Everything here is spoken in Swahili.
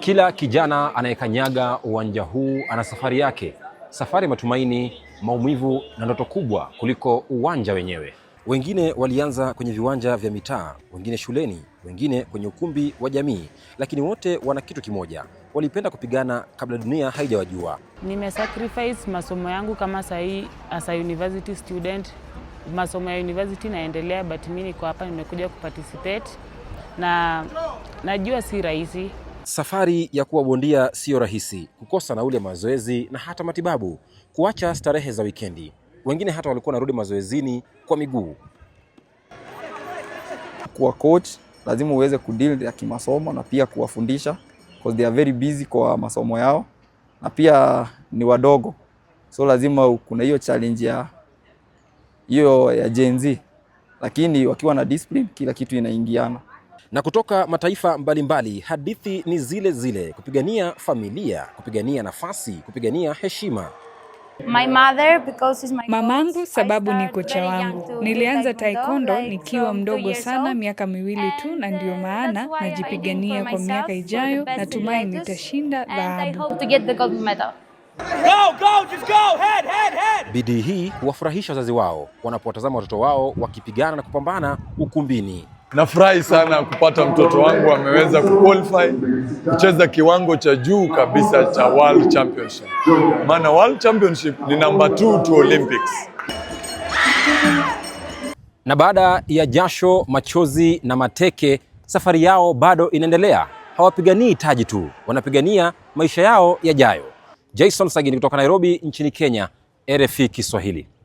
Kila kijana anayekanyaga uwanja huu ana safari yake, safari ya matumaini, maumivu na ndoto kubwa kuliko uwanja wenyewe. Wengine walianza kwenye viwanja vya mitaa, wengine shuleni, wengine kwenye ukumbi wa jamii, lakini wote wana kitu kimoja, walipenda kupigana kabla dunia haijawajua. Nimesacrifice masomo yangu kama sahii, as a university student, masomo ya university naendelea, but mi niko hapa, nimekuja kuparticipate na najua si rahisi Safari ya kuwa bondia siyo rahisi, kukosa nauli ya mazoezi na hata matibabu, kuacha starehe za wikendi. Wengine hata walikuwa wanarudi mazoezini kwa miguu. Kuwa coach lazima uweze kudeal ya kimasomo na pia kuwafundisha because they are very busy kwa masomo yao, na pia ni wadogo, so lazima kuna hiyo challenge ya hiyo ya Gen Z, lakini wakiwa na discipline kila kitu inaingiana na kutoka mataifa mbalimbali, hadithi ni zile zile: kupigania familia, kupigania nafasi, kupigania heshima. My mother, because she's my mamangu, sababu ni kocha wangu. Nilianza taekwondo nikiwa mdogo sana, miaka miwili tu, na ndio uh, maana najipigania kwa miaka ijayo. Natumai nitashinda dhahabu. Bidii hii huwafurahisha wazazi wao wanapowatazama watoto wao wakipigana na kupambana ukumbini. Nafurahi sana kupata mtoto wangu ameweza wa kuqualify kucheza kiwango cha juu kabisa cha World Championship, maana World Championship ni namba 2 to Olympics. Na baada ya jasho, machozi na mateke, safari yao bado inaendelea. Hawapiganii taji tu, wanapigania maisha yao yajayo. Jason Sagini kutoka Nairobi nchini Kenya, RFI Kiswahili.